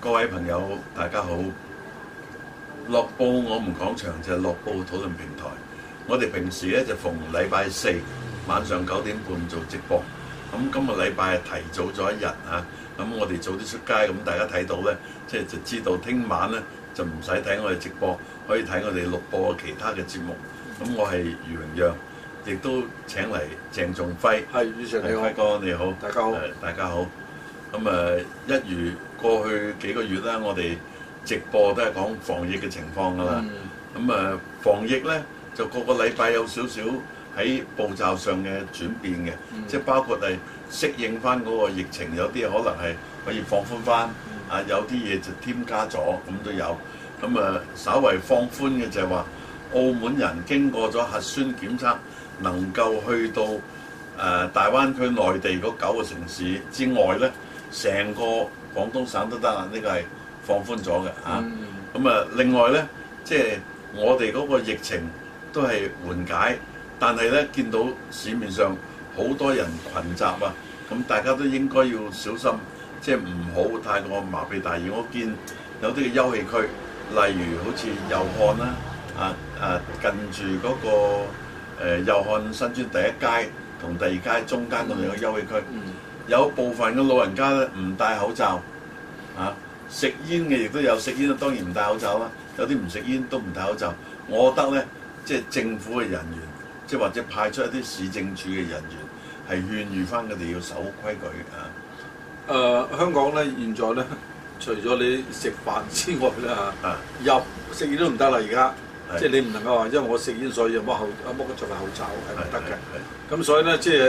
各位朋友，大家好。樂報我們講場，就係樂報討論平台。我哋平時咧就逢禮拜四晚上九點半做直播。咁、嗯、今日禮拜係提早咗一日啊！咁、嗯、我哋早啲出街，咁、嗯、大家睇到呢，即、就、係、是、就知道聽晚呢就唔使睇我哋直播，可以睇我哋錄播其他嘅節目。咁、嗯嗯、我係余明耀。亦都請嚟鄭仲輝，係，鄭大哥，你好，大家好，大家好。咁啊，一如過去幾個月啦，我哋直播都係講防疫嘅情況㗎啦。咁、嗯嗯、啊，防疫咧就個個禮拜有少少喺步驟上嘅轉變嘅，嗯、即係包括係適應翻嗰個疫情，有啲可能係可以放寬翻，嗯、啊有啲嘢就添加咗咁都有。咁、嗯嗯、啊，稍為放寬嘅就係話，澳門人經過咗核酸檢測。能夠去到誒大灣區內地嗰九個城市之外呢，成個廣東省都得啦。呢個係放寬咗嘅嚇。咁啊，另外呢，即係我哋嗰個疫情都係緩解，但係呢見到市面上好多人群集啊，咁大家都應該要小心，即係唔好太過麻痹大意。我見有啲嘅休憩區，例如好似遊漢啦，啊啊近住嗰個。誒祐漢新村第一街同第二街中間嗰個休憩區，嗯、有部分嘅老人家咧唔戴口罩，啊食煙嘅亦都有食煙，當然唔戴口罩啦。有啲唔食煙都唔戴口罩。我覺得咧，即係政府嘅人員，即係或者派出一啲市政署嘅人員，係勸喻翻佢哋要守規矩啊。誒、呃，香港咧現在咧，除咗你食飯之外啦嚇，啊啊、入食嘢都唔得啦而家。即係你唔能夠話，因為我食煙所以冇後，冇著埋口罩係唔得嘅。咁所以咧，即係誒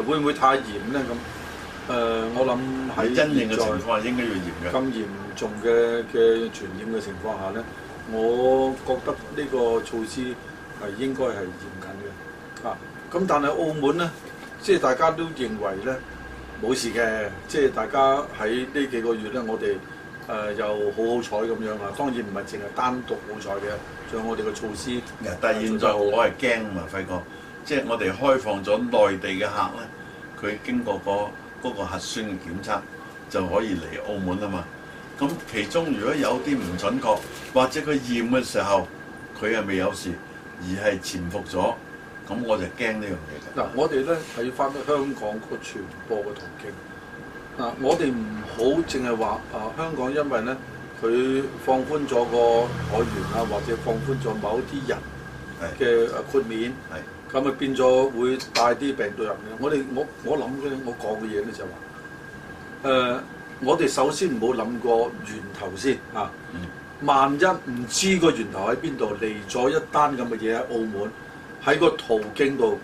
誒，會唔會太嚴咧？咁、呃、誒，我諗喺現在咁嚴重嘅嘅傳染嘅情況下咧，我覺得呢個措施係應該係嚴謹嘅。啊，咁但係澳門咧，即係大家都認為咧冇事嘅，即係大家喺呢幾個月咧，我哋誒、呃、又好好彩咁樣啊。當然唔係淨係單獨好彩嘅。所以我哋嘅措施，但係現在我係驚啊費哥，即係我哋開放咗內地嘅客咧，佢經過個嗰個核酸嘅檢測就可以嚟澳門啦嘛。咁其中如果有啲唔準確，或者佢驗嘅時候佢係未有事，而係潛伏咗，咁我就驚呢樣嘢嗱，我哋咧係要翻到香港嗰個傳播嘅途徑。嗱，我哋唔好淨係話啊香港，因為咧。佢放寬咗個海員啊，或者放寬咗某啲人嘅誒豁免，咁啊變咗會帶啲病毒入嚟。我哋我我諗嘅，我講嘅嘢咧就係話，誒、就是呃、我哋首先唔好諗過源頭先啊。嗯、萬一唔知個源頭喺邊度嚟咗一單咁嘅嘢喺澳門，喺個途徑度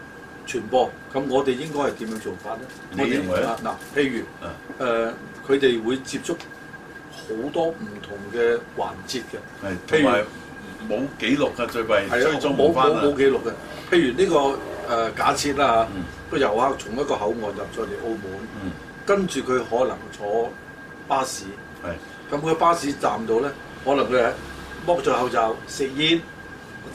傳播，咁我哋應該係點樣做法咧？我認為咧？嗱、嗯啊，譬如誒，佢、呃、哋會接觸。好多唔同嘅環節嘅，譬如冇記錄嘅最弊，追蹤冇冇冇記錄嘅，譬如呢、呢個誒、呃、假設啦、啊、嚇，個、嗯、遊客從一個口岸入咗嚟澳門，嗯、跟住佢可能坐巴士，咁佢、嗯、巴士站到咧，可能佢係剝咗口罩食煙，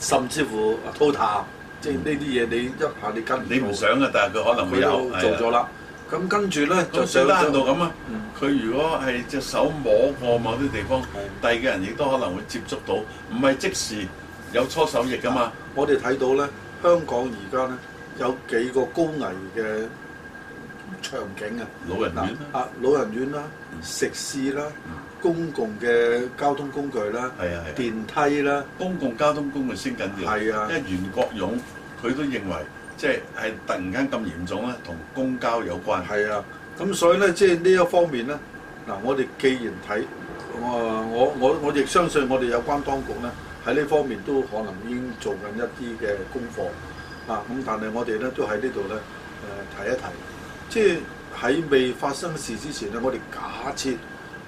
甚至乎吐痰。嗯、即係呢啲嘢你一下你跟唔上。你唔想嘅，但係佢可能會有。做咗啦。的咁跟住呢，就上到咁啊！佢、嗯、如果係隻手摸過某啲地方，第二個人亦都可能會接觸到，唔係即時有搓手液噶嘛？嗯、我哋睇到呢，香港而家呢，有幾個高危嘅場景啊老、嗯！老人院啊，老人院啦，食肆啦、啊，嗯、公共嘅交通工具啦、啊，啊啊、電梯啦、啊，公共交通工具先緊要。係啊，因為袁國勇佢都認為。即係突然間咁嚴重咧，同公交有關。係啊，咁所以呢，即係呢一方面呢，嗱，我哋既然睇、呃，我我我亦相信我哋有關當局呢，喺呢方面都可能已經做緊一啲嘅功課啊。咁但係我哋呢都喺呢度呢，誒提、呃、一提，即係喺未發生事之前呢，我哋假設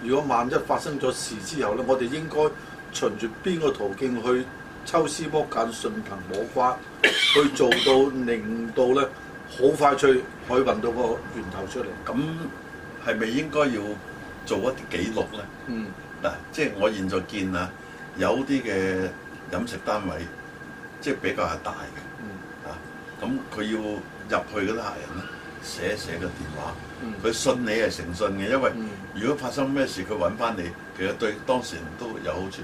如果萬一發生咗事之後呢，我哋應該循住邊個途徑去，抽絲剝繭、順藤摸瓜，去做到令到咧好快脆，可以揾到個源頭出嚟。咁係咪應該要做一啲記錄咧？嗯，嗱、啊，即係我現在見啊，有啲嘅飲食單位即係比較係大嘅，嗯、啊，咁佢要入去嗰啲客人咧寫一寫個電話，佢、嗯、信你係誠信嘅，因為如果發生咩事佢揾翻你，其實對當事人都有好處。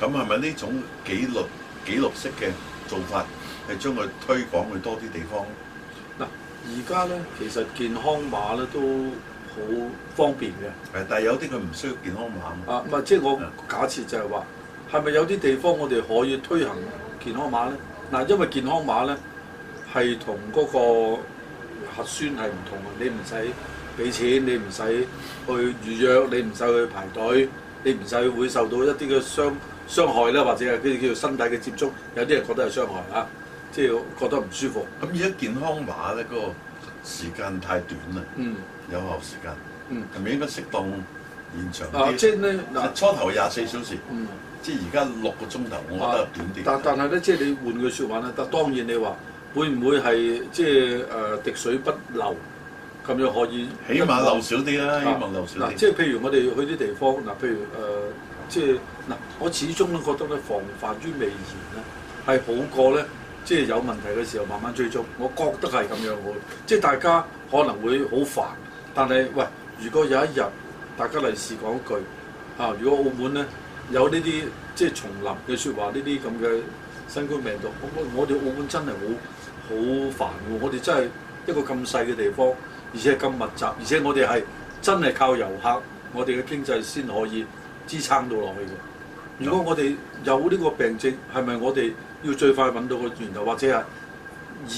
咁係咪呢種紀錄紀錄式嘅做法係將佢推廣去多啲地方？嗱，而家咧其實健康碼咧都好方便嘅。係，但係有啲佢唔需要健康碼啊。唔係，即係我是假設就係話，係咪有啲地方我哋可以推行健康碼咧？嗱、啊，因為健康碼咧係同嗰個核酸係唔同嘅，你唔使俾錢，你唔使去預約，你唔使去排隊，你唔使會受到一啲嘅傷。傷害咧，或者係佢哋叫做身體嘅接觸，有啲人覺得係傷害嚇，即係覺得唔舒服。咁而家健康碼咧嗰個時間太短啦，嗯，有效時間，嗯，係咪應該適當延長啲、啊？即係咧，嗱，初頭廿四小時，嗯、即係而家六個鐘頭，我覺得短啲、啊。但但係咧，即係你換句説話咧，但當然你話會唔會係即係誒滴水不漏咁樣可以，起碼漏少啲啦，希望、啊、漏少啲、啊。即係譬如我哋去啲地方，嗱，譬如誒。呃呃呃即係嗱，我始終都覺得咧，防範於未然咧係好過咧，即係有問題嘅時候慢慢追蹤。我覺得係咁樣，我即係大家可能會好煩，但係喂，如果有一日大家嚟試講一句，啊，如果澳門咧有呢啲即係叢林嘅説話，呢啲咁嘅新冠病毒，我我哋澳門真係好好煩喎！我哋真係一個咁細嘅地方，而且咁密集，而且我哋係真係靠遊客，我哋嘅經濟先可以。支撐到落去嘅。如果我哋有呢個病徵，係咪我哋要最快揾到個源頭，或者係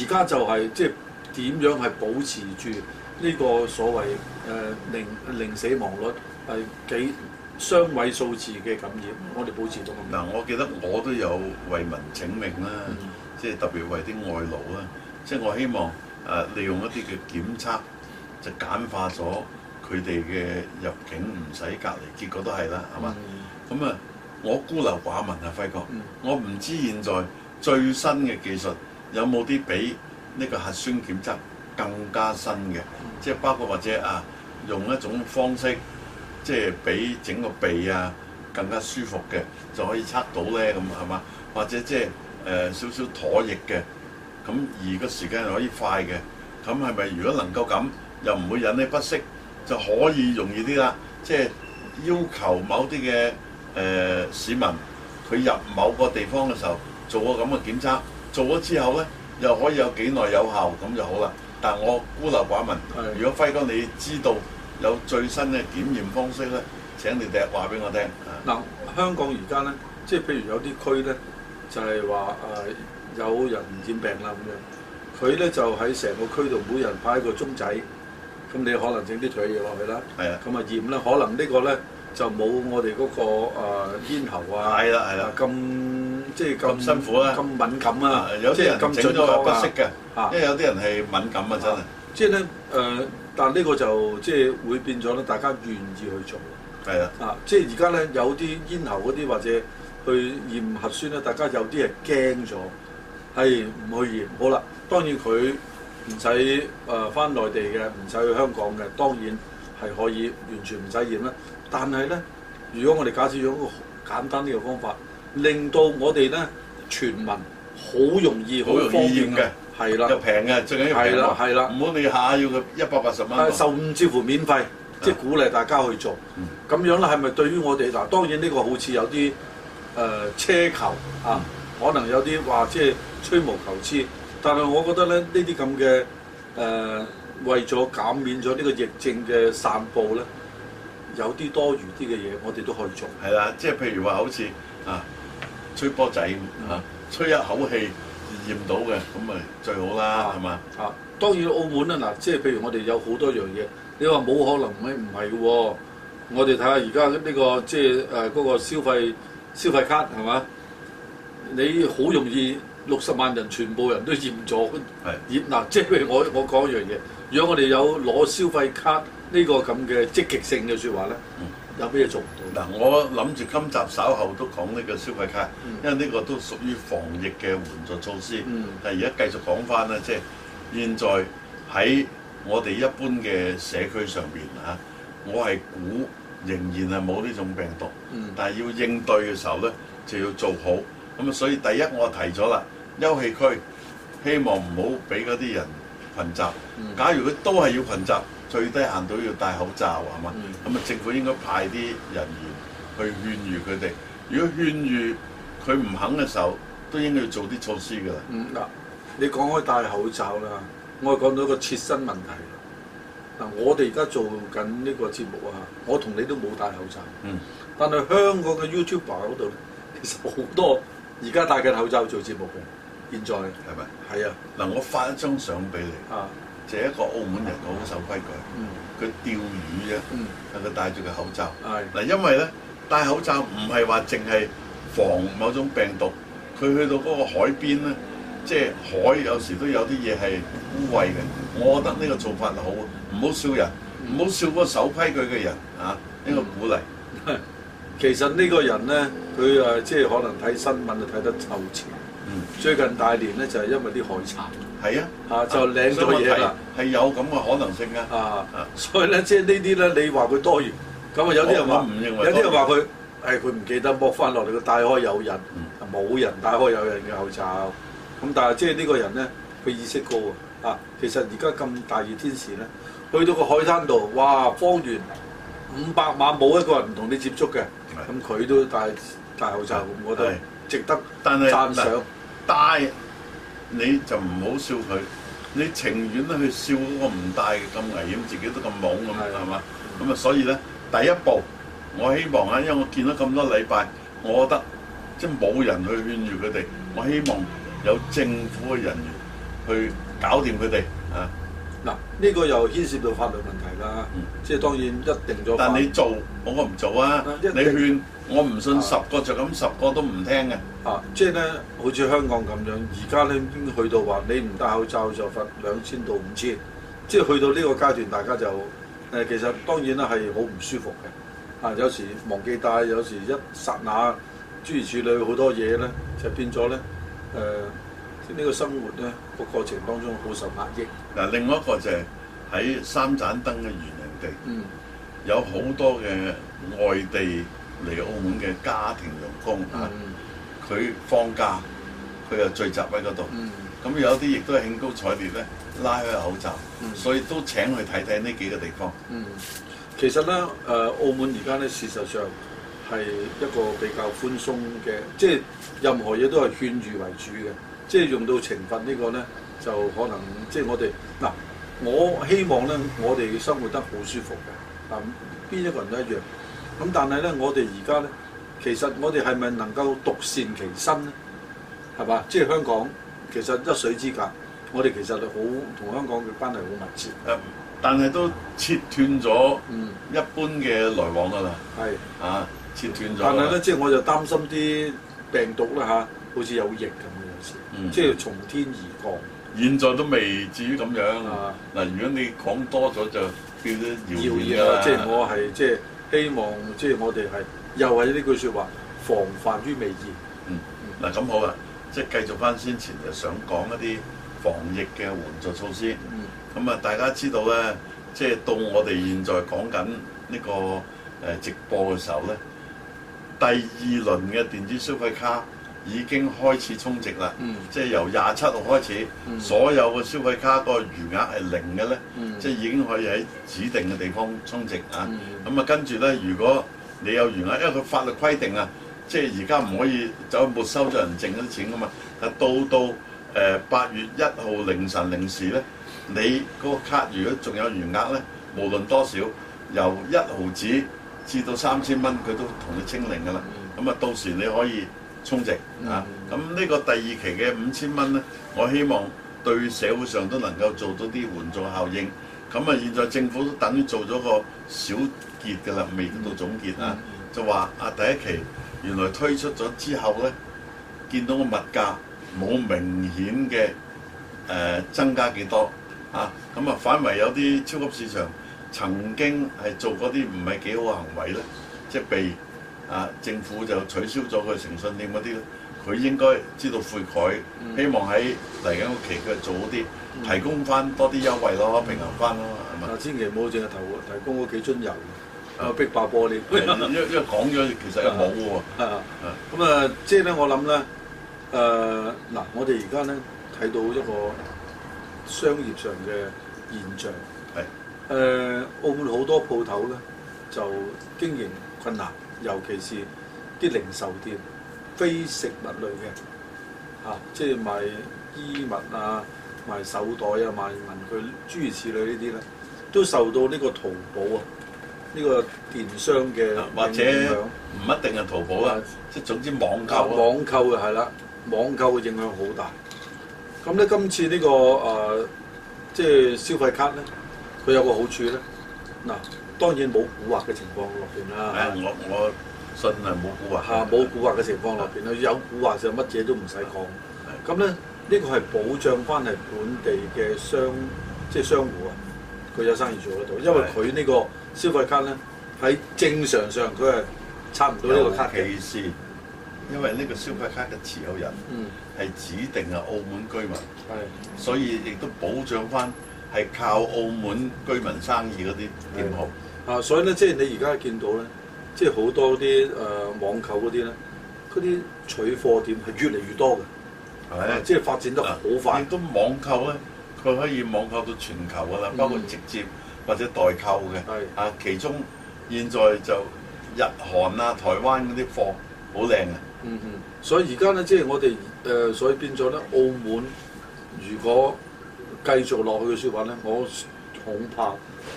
而家就係即係點樣係保持住呢個所謂誒、呃、零零死亡率係幾雙位數字嘅感染，我哋保持到？咁嗱、嗯，我記得我都有為民請命啦，即係特別為啲外勞啦，即係我希望誒利用一啲嘅檢測就簡化咗。佢哋嘅入境唔使隔離，結果都係啦，係嘛？咁啊、mm. 嗯，我孤陋寡聞啊，輝哥，mm. 我唔知現在最新嘅技術有冇啲比呢個核酸檢測更加新嘅，mm. 即係包括或者啊，用一種方式即係比整個鼻啊更加舒服嘅，就可以測到咧，咁係嘛？或者即係誒、呃、少少唾液嘅，咁而個時間又可以快嘅，咁係咪如果能夠咁，又唔會引起不適？就可以容易啲啦，即係要求某啲嘅誒市民，佢入某個地方嘅時候做過咁嘅檢測，做咗之後呢，又可以有幾耐有效咁就好啦。但係我孤陋寡聞，是如果輝哥你知道有最新嘅檢驗方式呢，請你第日話俾我聽。嗱、呃，香港而家呢，即係譬如有啲區呢，就係話誒有人傳染病啦咁樣，佢呢就喺成個區度每人派一個鐘仔。咁、嗯、你可能整啲除嘢落去啦，咁啊驗啦，可能呢、呢個咧就冇我哋嗰、嗰個誒咽喉啊，係啦係啦，咁即係咁辛苦啊，咁敏感啊，有啲就是 人咁整咗係不適嘅，啊、因為有啲人係敏感啊真係。即係咧誒，但係呢個就即係、就是、會變咗咧，大家願意去做。係的啊，啊即係而家咧有啲咽喉嗰啲或者去驗核酸咧，大家有啲係驚咗，係唔去驗。好啦，當然佢。唔使誒翻內地嘅，唔使去香港嘅，當然係可以完全唔使驗啦。但係咧，如果我哋假設用一個簡單啲嘅方法，令到我哋咧全民好容易、好容易驗、好方便嘅，係啦的，又平嘅，最緊要平啦，係啦，唔好你下下要佢一百八十蚊。甚至乎免費，即係、嗯、鼓勵大家去做。咁、嗯、樣咧係咪對於我哋嗱？當然呢個好似有啲誒、呃、奢求啊，嗯、可能有啲話即係吹毛求疵。但係我覺得咧，呢啲咁嘅誒，為咗減免咗呢個疫症嘅散佈咧，有啲多餘啲嘅嘢，我哋都可以做。係啦，即係譬如話好似啊，吹波仔嚇、啊，吹一口氣驗到嘅，咁咪最好啦，係嘛、啊？嚇吧、啊，當然澳門咧，嗱、啊，即係譬如我哋有好多樣嘢，你話冇可能咩唔係喎？我哋睇下而家呢個即係誒嗰個消費消費卡係嘛？你好容易。六十萬人全部人都驗咗，係嗱是、啊，即係我我講一樣嘢，如果我哋有攞消費卡呢個咁嘅積極性嘅説話咧，嗯、有咩做唔到？嗱，我諗住今集稍後都講呢個消費卡，嗯、因為呢個都屬於防疫嘅援助措施。嗯、但係而家繼續講翻咧，即係現在喺我哋一般嘅社區上邊嚇、啊，我係估仍然係冇呢種病毒，嗯、但係要應對嘅時候咧，就要做好。咁啊，所以第一我提咗啦。休憩區，希望唔好俾嗰啲人群集。嗯、假如佢都係要群集，最低限度要戴口罩係嘛？咁啊，嗯、政府應該派啲人員去勸喻佢哋。如果勸喻佢唔肯嘅時候，都應該要做啲措施㗎啦。嗯、嗱，你講開戴口罩啦，我係講到一個切身問題。嗱，我哋而家做緊呢個節目啊，我同你都冇戴口罩。嗯。但係香港嘅 YouTuber 嗰度，其實好多而家戴緊口罩做節目嘅。現在係咪？係 Enjoy. 吧啊！嗱，我發一張相俾你，啊、就係一個澳門人，好守規矩。佢釣、嗯、魚啫，係佢、嗯、戴住個口罩。嗱、嗯，因為咧戴口罩唔係話淨係防某種病毒，佢去到嗰個海邊咧，即係海有時都有啲嘢係污衊嘅。我覺得呢個做法好，唔好笑人，唔好笑嗰個守規矩嘅人啊！呢、這個鼓勵、嗯。其實呢個人咧，佢誒即係可能睇新聞睇得透徹。最近大連咧就係因為啲海鮮，係啊，嚇就領咗嘢啦。係有咁嘅可能性嘅啊，所以咧即係呢啲咧你話佢多餘，咁啊有啲人話，唔認為，有啲人話佢，誒佢唔記得剝翻落嚟，佢戴開有人，冇人戴開有人嘅口罩。咁但係即係呢個人咧，佢意識高啊。啊，其實而家咁大熱天時咧，去到個海灘度，哇，方圓五百碼冇一個人唔同你接觸嘅，咁佢都戴戴口罩，我覺得值得讚賞。帶你就唔好笑佢，你情願去笑嗰個唔帶咁危險，自己都咁懵咁樣，係嘛？咁啊的，所以呢第一步，我希望啊，因為我見咗咁多禮拜，我覺得即係冇人去勸喻佢哋，我希望有政府嘅人員去搞掂佢哋啊。呢個又牽涉到法律問題啦，嗯、即係當然一定咗。但你做，我我唔做啊！定你勸我唔信十個、啊、就咁十個都唔聽嘅，啊！即係咧，好似香港咁樣，而家咧去到話你唔戴口罩就罰兩千到五千，即係去到呢個階段，大家就誒、呃、其實當然啦係好唔舒服嘅，啊！有時忘記帶，有時一剎那諸如此類好多嘢咧，就變咗咧誒。呃呢個生活咧，個過程當中好受壓抑。嗱，另外一個就係喺三盞燈嘅圓形地，嗯、有好多嘅外地嚟澳門嘅家庭傭工嚇，佢、嗯、放假佢又、嗯、聚集喺嗰度，咁、嗯、有啲亦都興高采烈咧，拉開口罩，嗯、所以都請去睇睇呢幾個地方。嗯，其實咧，誒，澳門而家咧，事實上係一個比較寬鬆嘅，即係任何嘢都係勸喻為主嘅。即係用到懲罰呢個咧，就可能即係我哋嗱、啊，我希望咧，我哋生活得好舒服嘅，啊，邊一個人都一樣。咁、啊、但係咧，我哋而家咧，其實我哋係咪能夠獨善其身咧？係嘛？即係香港，其實一水之隔，我哋其實好同香港嘅關係好密切。誒，但係都切斷咗嗯一般嘅來往啦。係啊，切斷咗。但係咧，即係我就擔心啲病毒啦嚇、啊，好似有疫咁。嗯、即係從天而降，現在都未至於咁樣。嗱、啊，如果你講多咗就叫做謠言即係、就是、我係即係希望，即、就、係、是、我哋係又係呢句說話，防範於未然。嗯，嗱咁、嗯嗯、好啊，即係繼續翻先前就想講一啲防疫嘅援助措施。咁啊、嗯，大家知道咧，即、就、係、是、到我哋現在講緊呢個誒直播嘅時候咧，第二輪嘅電子消費卡。已經開始充值啦，嗯、即係由廿七號開始，嗯、所有嘅消費卡嗰個餘額係零嘅咧，嗯、即係已經可以喺指定嘅地方充值啊。咁啊、嗯，跟住咧，如果你有餘額，因為佢法律規定啊，即係而家唔可以走，沒收咗人剩嗰啲錢噶嘛。但到到誒、呃、八月一號凌晨零時咧，你嗰個卡如果仲有餘額咧，無論多少，由一毫子至到三千蚊，佢都同你清零㗎啦。咁啊、嗯，到時你可以。充值、嗯、啊！咁、這、呢個第二期嘅五千蚊呢，我希望對社會上都能夠做到啲援助效應。咁啊，現在政府都等於做咗個小結㗎喇，未得到總結、嗯、啊，就話啊，第一期原來推出咗之後呢，見到個物價冇明顯嘅、呃、增加幾多啊！咁、嗯、啊，反為有啲超級市場曾經係做過啲唔係幾好嘅行為呢，即係被。啊！政府就取消咗佢誠信店嗰啲，佢應該知道悔改，希望喺嚟緊個期佢做好啲，提供翻多啲優惠咯，平衡翻咯，係咪？千祈唔好淨係提提供嗰幾樽油，啊！逼爆玻璃，因為講咗，其實又冇喎，咁啊，啊啊嗯、即係咧、呃，我諗咧，誒嗱，我哋而家咧睇到一個商業上嘅現象，係誒澳門好多鋪頭咧就經營困難。尤其是啲零售店，非食物類嘅，嚇、啊，即係賣衣物啊、賣手袋啊、賣文具、諸如此類呢啲咧，都受到呢個淘寶啊，呢、呢個電商嘅影響。或者唔一定係淘寶啊，即係、啊、總之網購啊。網購嘅係啦，網購嘅影響好大。咁、啊、咧，今次呢、呢個誒、啊，即係消費卡咧，佢有個好處咧，嗱、啊。當然冇蠱惑嘅情況落邊啦。誒，我我信係冇蠱惑。嚇、啊，冇蠱惑嘅情況落邊是的 有蠱惑就乜嘢都唔使講。係是的。咁咧，呢個係保障翻係本地嘅商，即係商戶啊，佢有生意做得到。因為佢呢個消費卡咧，喺正常上佢係差唔多呢個卡。尤其是因為呢個消費卡嘅持有人係、嗯、指定係澳門居民，係，嗯、所以亦都保障翻係靠澳門居民生意嗰啲店鋪。啊，所以咧，即係你而家見到咧，即係好多啲誒、呃、網購嗰啲咧，嗰啲取貨點係越嚟越多嘅，係啊，即係發展得好快。都、啊、網購咧，佢可以網購到全球㗎啦，包括直接或者代購嘅。係啊、嗯，其中現在就日韓啊、台灣嗰啲貨好靚啊。嗯嗯，所以而家咧，即係我哋誒、呃，所以變咗咧，澳門如果繼續落去嘅説話咧，我恐怕。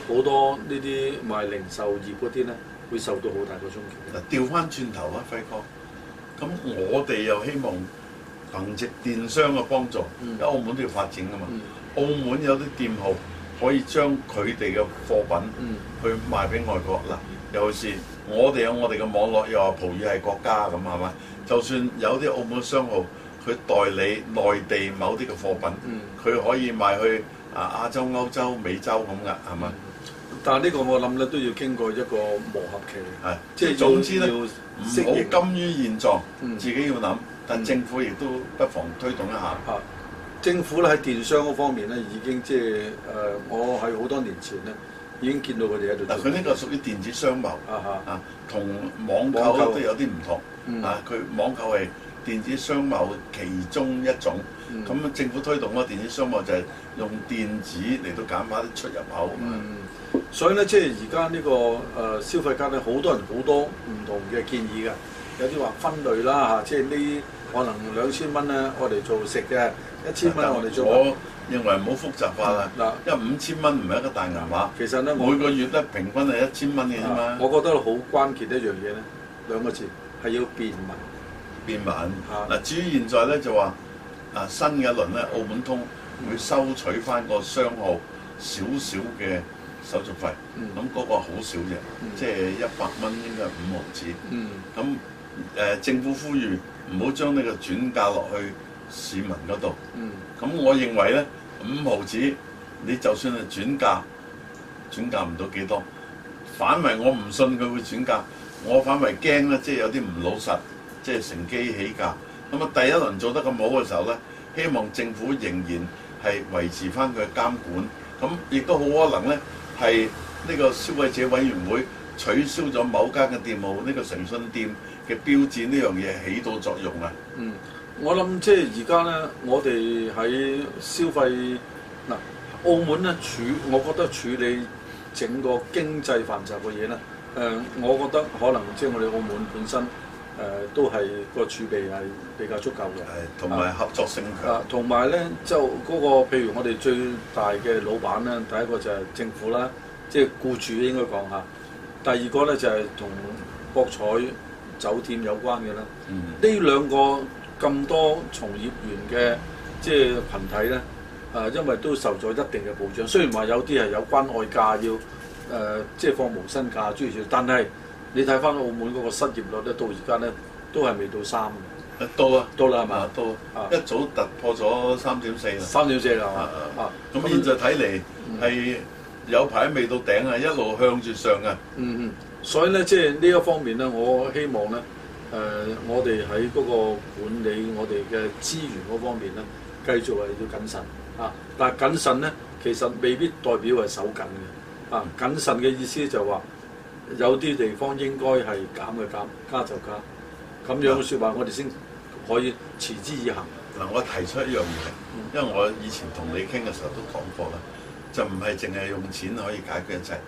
好多呢啲賣零售業嗰啲咧，會受到好大個衝擊。嗱，調翻轉頭啊，輝哥。咁我哋又希望憑藉電商嘅幫助，因為、嗯、澳門都要發展㗎嘛。嗯、澳門有啲店號可以將佢哋嘅貨品去賣俾外國。嗱、嗯，尤其是我哋有我哋嘅網絡，又話葡語系國家咁係嘛？就算有啲澳門商號，佢代理內地某啲嘅貨品，佢、嗯、可以賣去。啊！亞洲、歐洲、美洲咁嘅係嘛？但係呢個我諗咧都要經過一個磨合期，係即係總之咧，唔好甘於現狀，自己要諗，但政府亦都不妨推動一下。啊！政府咧喺電商嗰方面咧已經即係誒，我喺好多年前咧已經見到佢哋喺度。但佢呢個屬於電子商貿啊，啊同網購都有啲唔同啊！佢網購係電子商貿其中一種。咁政府推動咧電子商務就係用電子嚟到減翻啲出入口啊。所以咧，即係而家呢個誒消費界咧，好多人好多唔同嘅建議嘅。有啲話分類啦吓，即係呢可能兩千蚊咧，我哋做食嘅一千蚊我哋做。我認為唔好複雜化啊。嗱，因為五千蚊唔係一個大銀碼。其實咧，每個月咧平均係一千蚊嘅啫嘛。我覺得好關鍵一樣嘢咧，兩個字係要便民。便民。嗱，至於現在咧就話。啊，新嘅一輪咧，澳門通會收取翻個商號少少嘅手續費，咁嗰、嗯、個好少啫，即係一百蚊應該係五毫子。咁誒、嗯呃、政府呼籲唔好將呢個轉嫁落去市民嗰度。咁、嗯、我認為咧，五毫子你就算係轉嫁，轉嫁唔到幾多。反為我唔信佢會轉嫁，我反為驚咧，即、就、係、是、有啲唔老實，即、就、係、是、乘機起價。咁啊，第一輪做得咁好嘅時候咧，希望政府仍然係維持翻佢嘅監管，咁亦都好可能咧，係呢個消費者委員會取消咗某間嘅店鋪呢個誠信店嘅標誌呢樣嘢起到作用啦。嗯，我諗即係而家咧，我哋喺消費嗱，澳門咧處，我覺得處理整個經濟範疇嘅嘢咧，誒、呃，我覺得可能即係我哋澳門本身。誒、呃、都係個儲備係比較足夠嘅，同埋合作性強。啊，同埋咧就嗰、那個，譬如我哋最大嘅老闆咧，第一個就係政府啦，即、就、係、是、僱主應該講下。第二個咧就係同博彩酒店有關嘅啦。呢、嗯、兩個咁多從業員嘅即係群體咧，誒、呃、因為都受咗一定嘅保障。雖然話有啲係有關外價要誒，即、呃、係、就是、放無薪假諸如此類，但係。你睇翻澳門嗰個失業率咧，到而家咧都係未到三。嘅。到啊，到啦，係嘛？到，啊，一早突破咗三點四。三點四啦，啊，咁現在睇嚟係有排未到頂啊，一路向住上嘅。嗯嗯。所以咧，即係呢一方面咧，我希望咧，誒、呃，我哋喺嗰個管理我哋嘅資源嗰方面咧，繼續係要謹慎啊。但係謹慎咧，其實未必代表係手緊嘅。啊，謹慎嘅意思就話。有啲地方應該係減嘅減，加就加，咁樣嘅説話、嗯、我哋先可以持之以恒。嗱、嗯，我提出一樣嘢，因為我以前同你傾嘅時候都講過啦，就唔係淨係用錢可以解決一切。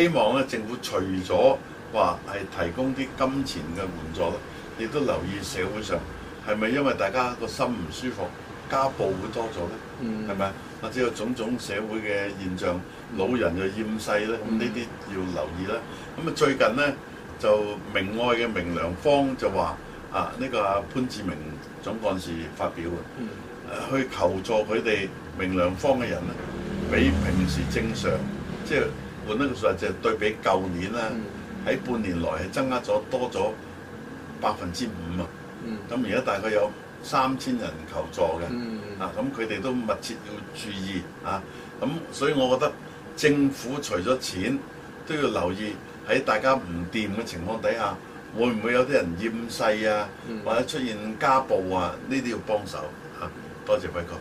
希望咧，政府除咗話係提供啲金錢嘅援助啦，亦都留意社會上係咪因為大家個心唔舒服，家暴會多咗咧？係咪、嗯？或者有種種社會嘅現象，老人又厭世咧，咁呢啲要留意啦。咁啊最近咧就明愛嘅明良方就話啊，呢、呢個潘志明總幹事發表嘅、啊，去求助佢哋明良方嘅人咧，比平時正常，即係換一個數字，就係、對比舊年啦，喺、嗯、半年來係增加咗多咗百分之五啊。咁而家大概有。三千人求助嘅，嗯、啊，咁佢哋都密切要注意啊，咁、啊、所以我覺得政府除咗錢都要留意喺大家唔掂嘅情況底下，會唔會有啲人厭世啊，嗯、或者出現家暴啊？呢啲要幫手啊，嗯、多謝各哥。